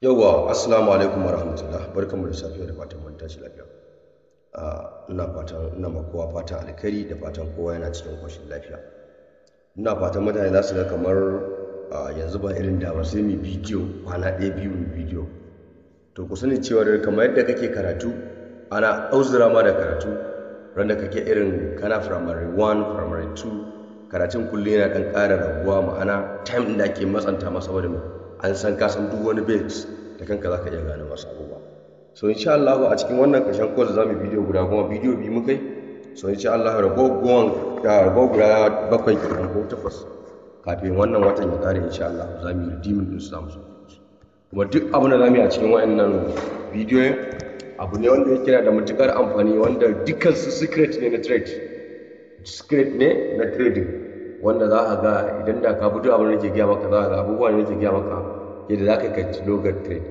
yauwa assalamu alaikum wa rahmatullah barkanmu da safiya da fatan mun tashi lafiya ah, ina fatan ina ma kowa fatan alkhairi da fatan kowa yana cikin koshin lafiya ina fatan mutane za su ga kamar ah, yanzu ba irin da ba sai mu bidiyo kwana ɗaya biyu mu bidiyo to ku sani cewa kamar yadda kake karatu ana auzura ma da karatu randa kake irin kana primary one, primary two, karatun kullum yana ɗan ƙara raguwa ma'ana time da ake matsanta masa wani an san kasan duk wani base da kanka za ka iya gane wasu abubuwa so insha Allah a cikin wannan ƙarshen course za mu bidiyo guda kuma bidiyo biyu mu kai so insha Allah ragogon ga rabo guda bakwai kenan ko takwas kafin wannan watan ya kare insha Allah za mu yi redeem din su zamu kuma duk abin da za mu yi a cikin wa'annan bidiyoyin abu ne wanda ya kira da matukar amfani wanda dukkan su secret ne na trade secret ne na trading wanda za a ga idan da ka fito abin da nake gaya maka za a ga abubuwa ne nake gaya maka yadda za ka kai logar trade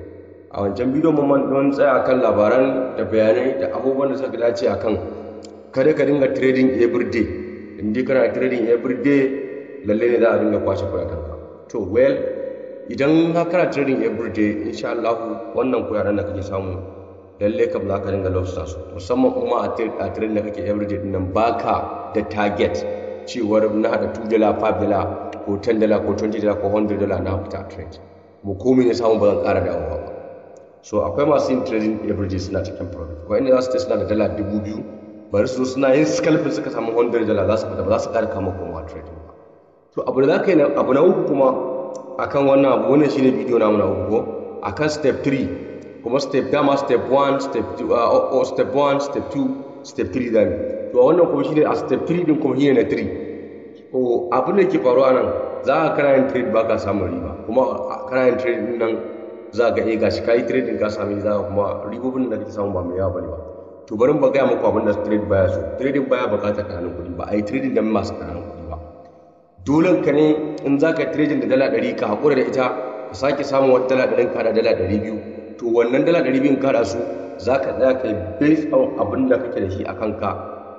a wancan bidiyon mun don tsaya kan labaran da bayanai da abubuwan da suka dace a kan kada ka dinga trading everyday in dai kana trading everyday lalle ne za a dinga kwashe kuɗaɗen ka to well idan ka kana trading everyday insha Allah wannan kuɗaɗen da kake samu lalle kam za ka dinga lobster su musamman kuma a trading da kake everyday din ba baka da target cewar na hada 2 dala 5 dala ko 10 dala ko 20 dala ko 100 dala na fita trade mu komai ne samu ba zan da awa ba so akwai masu yin trading averages suna cikin profit ko inda za su suna da dala dubu biyu bari su suna yin scalping suka samu 100 dala za su fita ba za su kama koma trading ba to abu da za ka yi abu na uku kuma akan wannan abu wannan shine bidiyo namu na uku ko akan step 3 kuma step dama step 1 step 2 uh, or oh, oh, step 1 step 2 step 3 dan to a wannan kuma shine a step 3 din kuma shine na 3 ko abin da ke faruwa nan za a karayin trade ba ka samun riba kuma a karayin trade nan za ka iya gashi ka yi trading ka sami za ka kuma ribobin da kake samu ba mai yawa bane ba to bari mu gaya muku abin da trade baya so trading baya bukatar ƙananan kuɗi ba a yi trading da masu ƙananan kuɗi ba dole ka ne in za ka yi trading da dala ɗari ka haƙura da ita ka sake samun wata dala ka da dala ɗari biyu to wannan dala ɗari ka da su za ka tsaya ka yi based on abin da kake da shi a kanka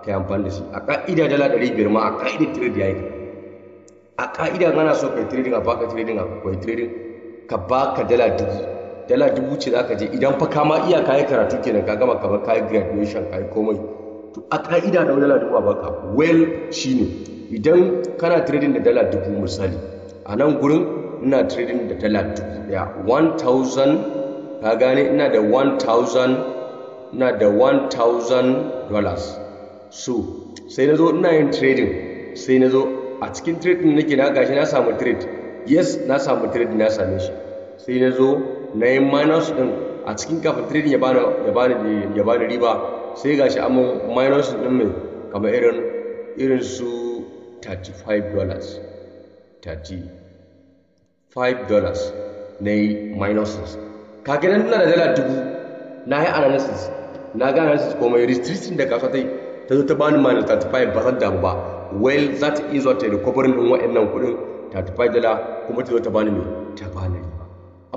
ka yi amfani da shi a ƙa'ida dala ɗari biyar ma a ka'ida trade ya yi a ka'ida ana so kai trading a baka trading a kai trading ka baka dala dubu dala dubu ce za ka je idan fa kama iya yi karatu kenan ka gama kamar yi graduation yi komai to a ka'ida da dala dubu a baka well shine idan kana trading da dala dubu misali a nan gurin ina trading da dala dubu daya 1000 ka gane ina da 1000 ina da 1000 dollars so sai na zo ina yin trading sai na zo a cikin trade din nake na gashi na samu trade yes na samu trade na same shi sai na zo na yi minus din a cikin kafin trade ya bani ya bani ya bani riba sai gashi amma minus din mai kamar irin irin su 35 dollars 35 dollars na yi minuses kage nan nuna da dala dubu na yi analysis na ga analysis komai restriction da kasuwa ta yi ta zo ta bani minus 35 ba san damu ba well that is what recovering din wa'annan kuɗin ta tufa dala kuma ta zo ta bani mai ta bani riba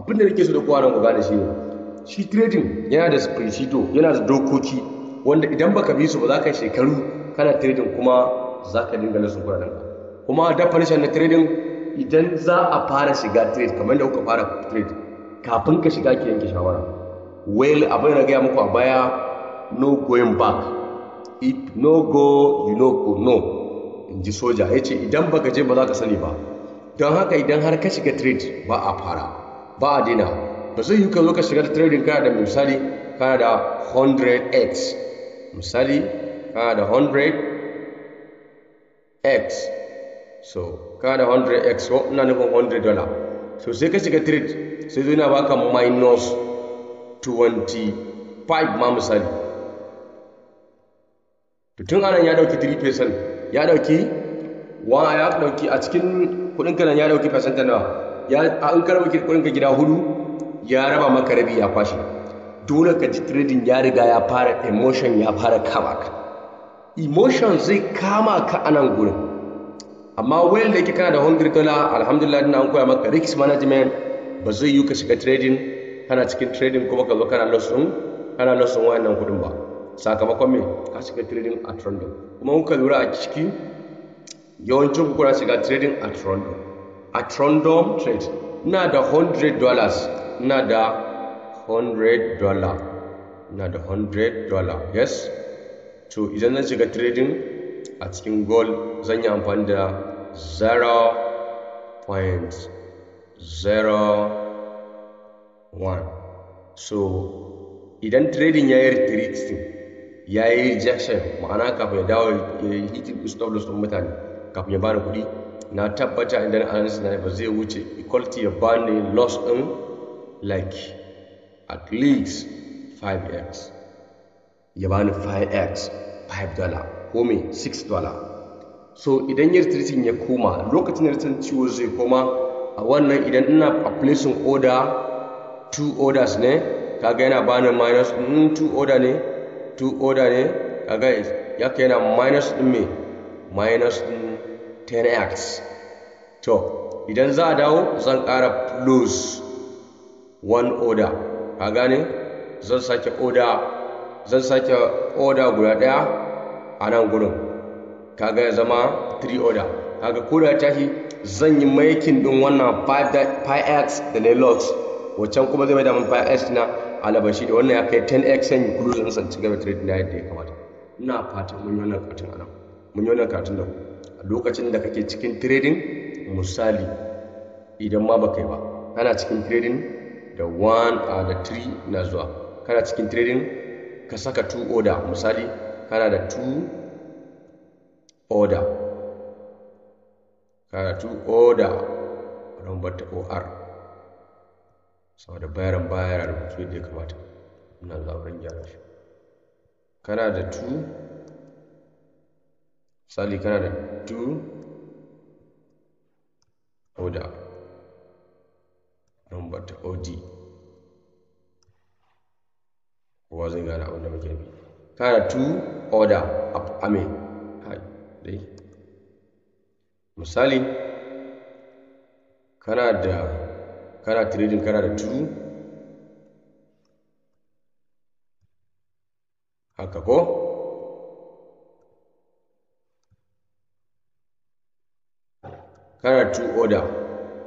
abin da nake so da kowa nan ku gane shi ne shi trading yana da spreadsheet yana da dokoki wanda idan baka bi su ba za ka shekaru kana trading kuma za ka dinga nasu kuɗaɗen ka kuma definition na trading idan za a fara shiga trade kamar da kuka fara trade kafin ka shiga ki yanke shawara well abin da gaya muku a baya no going back if no go you no go no in ji soja ya ce idan baka je ba za ka sani ba don haka idan har ka shiga trade ba a fara ba a dina ba zai yi ka zo ka shiga trading kana da misali kana da 100x misali kana da 100x so kana da 100x so ina nufin 100 dollar so sai ka shiga trade sai zo ba baka minus 25 ma misali tutun tun anan ya dauki 3 percent ya dauki wa ya dauki a cikin kudin ka ya dauki fasanta nawa ya an karba kudin ka gida hudu ya raba maka rabi ya kwashi dole ka ji trading ya riga ya fara emotion ya fara kama ka emotion zai kama ka a nan gurin amma wayan da yake kana da 100 dollar alhamdulillah dinna an koya maka risk management ba zai yi ka shiga trading kana cikin trading kuma ka zo kana loss hmm? kana loss wayannan kudin ba sakamakon me ka shiga trading at random kuma kuka lura a ciki yawancin ku kuna shiga trading at random at random trade ina da 100 dollars ina da 100 dollar ina da 100 dollar yes to idan zan shiga trading a cikin gold zan yi amfani da 0.01 so idan trading ya yi retreating ya yi rejection ma'ana kafin ya dawo ya yi hitin stop loss ɗin mutane kafin ya bani kuɗi na tabbata inda na analysis na ba zai wuce equality ya bani loss ɗin like at least 5x ya bani 5x 5 dollar ko me 6 dollar so idan ya retreating ya koma lokacin retreating ciwo zai koma a wannan idan ina a placing order two orders ne kaga yana bani minus 2 mm, order ne Two order ne kaga ya kai na minus din me minus din 10x to idan za a dawo zan ƙara plus one order ka gane zan sake order zan sake order guda ɗaya a nan gurin kaga ya zama three order kaga ko da tashi zan yi making din wannan 5x da ne logs wancan kuma zai mai da 5x na alabashi da wannan ya kai 10x san cruise ɗinsa ci gaba trade na yadda ya kamata ina fatan mun yi wannan karatun a nan mun yi wannan karatun da a lokacin da kake cikin trading misali idan ma baka yi ba kana cikin trading da 1 a da 3 na zuwa kana cikin trading ka saka 2 order misali kana da 2 order kana da 2 order number ta or saboda bayaran baya yana rubutu yadda ya kamata ina zaɓen gyara shi kana da tu misali kana da tu oda number ta od kowa zai gane abin da muke nufi kana da tu order of amin dai misali kana da kana trading kana da true haka ko kana two order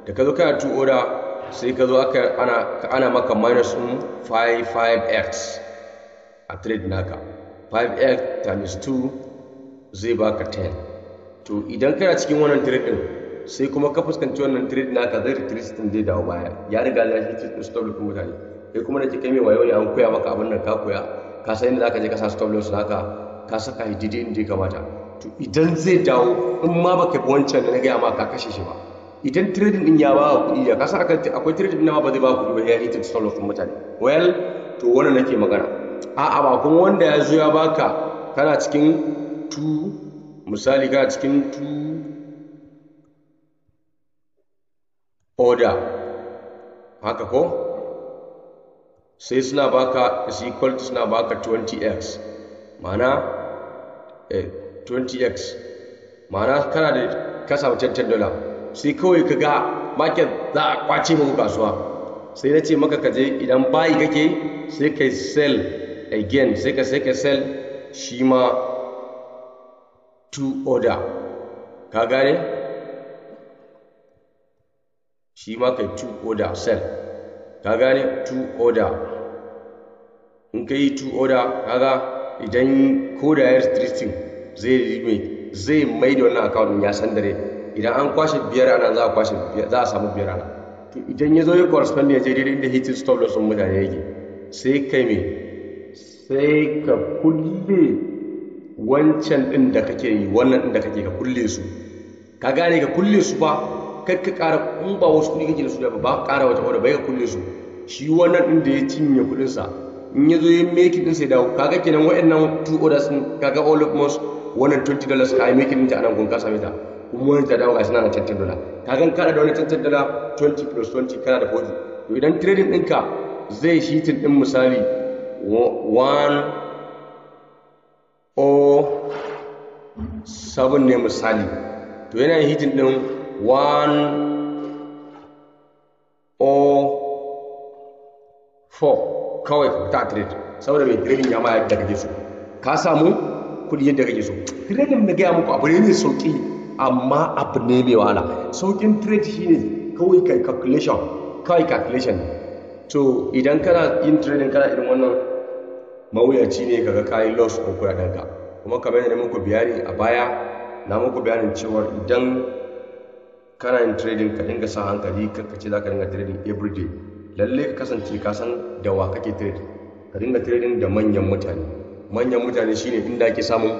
da ka zo kana two order sai ka zo aka ana ana maka minus din 55x a trade naka 5x times 2 zai baka 10 to idan kana cikin wannan trade din sai kuma ka fuskanci wannan trade ka zai retreat din zai dawo baya ya riga ya shi trade stop loss mutane kai kuma da kike mai wayo ya an koya maka abin da ka koya ka san inda zaka je ka sa stop loss zaka ka saka shi daidai inda ya kamata to idan zai dawo in ma baka bi wancan da na gaya ma ka kashe shi ba idan trading din ya ba kuɗi ya kasa akan akwai trading din ma ba zai ba kuɗi ba ya yi trade stop loss mutane well to wannan nake magana a'a ba kuma wanda ya zo ya baka kana cikin 2 misali kana cikin tu. order haka ko sai suna baka is equal to suna baka 20x mana eh 20x mana kana da ka samu 10 dola sai kawai ka ga market za a kwace muku kasuwa sai na ce maka je idan bayi kake sai ka sell again sai ka sai ka sell shi ma to order ka gane shi ma kai two order sell ka gane two order in ka yi two order kaga idan ko da ya restricting zai mai zai mai da wannan account ya san dare idan an kwashe biyar ana za a kwashe za a samu biyar ana to idan ya zo ya correspond ya je daidai inda hit stop loss mutane yake sai kai me sai ka kulle wancan din da kake yi wannan din da kake ka kulle su ka gane ka kulle su ba kar ka ƙara in ba wasu kuɗi kake da su da ba ƙara wata wadda bai ka kulle su shi wannan ɗin da ya cinye kuɗinsa in ya zo ya meki ɗin sai dawo kaga kenan waɗannan two orders ɗin kaga all of most wannan 20 dollars ka yi ɗin ta anan gun ka same ta kuma wani ta dawo ga suna na 10 dollar kaga kada da wani 10 dollar 20 plus 20 kana da 40 to idan trading ɗinka zai shitin ɗin misali 1 o 7 ne misali to yana hitin ɗin one o oh, four. kawai ta trade saboda mai trading ya ma yadda kake so ka samu kuɗi yadda kake so trading na gaya muku abu ne mai sauƙi amma abu ne mai wahala sauƙin trade shi ne kawai kai calculation kawai calculation to idan kana yin trading kana irin wannan mawuyaci ne kaga kayi loss ko kuɗaɗen ka kuma kamar yadda muku bayani a baya na muku bayanin cewa idan kana yin trading ka dinga sa hankali karka ce za ka dinga trading every day lalle ka kasance ka san da wa kake trade ka dinga trading da manyan mutane manyan mutane shine inda ake samun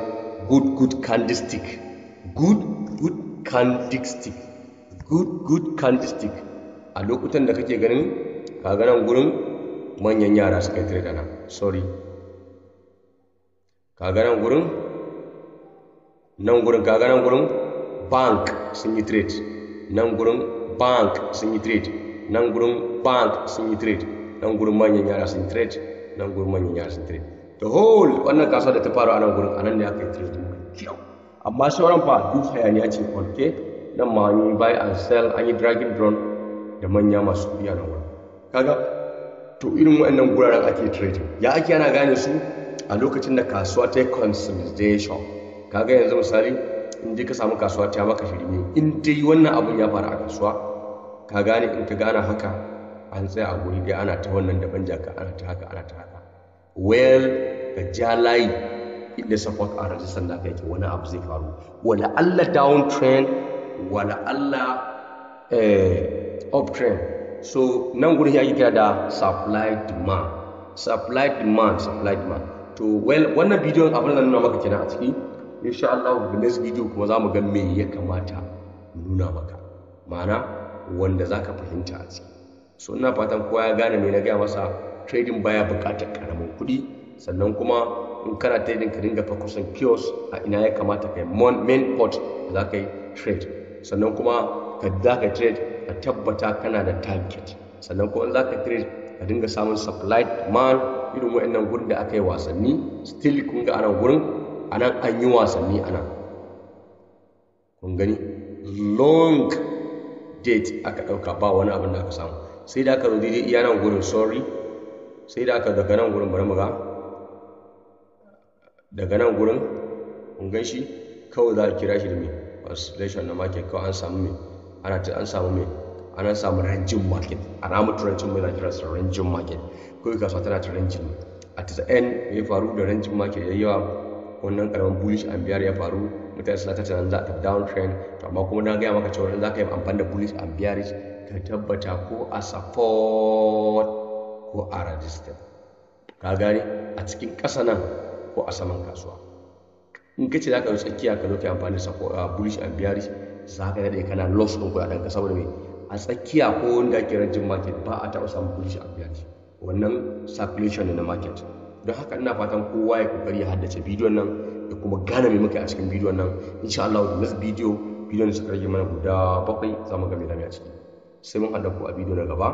good good candlestick good good candlestick good good candlestick a lokutan da kake ganin ka ga nan gurin manyan yara suka yi trade ana, sorry ka ga nan gurin nan gurin ka ga nan gurin bank sun yi trade nan gurin bank sun yi trade nan gurin bank sun yi trade nan gurin manyan yara sun trade nan gurin manyan yara sun trade the whole wannan kasuwa da ta faru a nan gurin a nan ne aka yi trade mai kyau amma sauran fa duk hayaniya ce kwanke nan ma an yi buy and sell an yi dragging drone da manya masu kuɗi a nan gurin kaga to irin waɗannan guraren ake trade ya ake ana gane su a lokacin da kasuwa ta yi consolidation kaga yanzu misali in je ka samu kasuwa ta maka shirme in yi wannan abun ya faru a kasuwa ka gane in ka gane haka an tsaya a guri dai ana ta wannan daban jaka ana ta haka ana ta haka well ka ja layi inda support a rajistar da ka yake wani abu zai faru wala Allah down trend wala Allah eh, up trend so nan gurin ya yi kira da supply demand supply demand supply demand to well wannan bidiyon abin da nuna maka kenan a ciki insha Allah the next video kuma za mu ga me ya kamata mu nuna maka ma'ana wanda za ka fahimta a ciki so ina fatan kowa ya gane me na gaya masa trading baya buƙatar karamin kuɗi sannan kuma in kana trading ka ringa fokusin kiosk a ina ya kamata kai main port za ka yi trade sannan kuma ka za ka trade ka tabbata kana da target sannan kuma in za ka trade ka dinga samun supply man irin wa'annan gurin da aka yi wasanni still kun ga anan gurin a nan an yi wasanni a nan kun gani long date aka ɗauka ba wani abin da aka samu sai da aka zo daidai iya nan gurin sorry sai da aka daga nan gurin bari mu ga daga nan gurin kun gan shi kawai za a kira shi da me translation na market kawai an samu me ana an samu me ana samu ranjin market a ramu turancin mai za a kira su ranjin market kawai kasuwa tana ta ranjin at the end ya faru da ranjin market ya wannan karamin bullish bear ya faru mutane suna ta tunanin za a tafi down trend to amma kuma na gaya maka cewa za ka yi amfani da bullish bearish ka tabbata ko a support ko a register ka gane a cikin ƙasa nan ko a saman kasuwa in ka ce za ka yi tsakiya ka zo ka amfani da bullish and bearish za ka daɗe kana loss ɗin kuɗaɗen ɗan saboda wani a tsakiya ko wanda ake ranjin market ba a taɓa samun bullish and bearish wannan circulation ne na market don haka ina fatan kowa ya kokari ya haddace bidiyon nan ya kuma gane mai muka a cikin bidiyon nan insha Allah the bidiyo video bidiyon suka rage mana guda bakwai za mu ga mai a ciki sai mun haɗa ku a bidiyo na gaba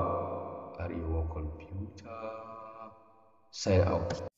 arewa computer sign out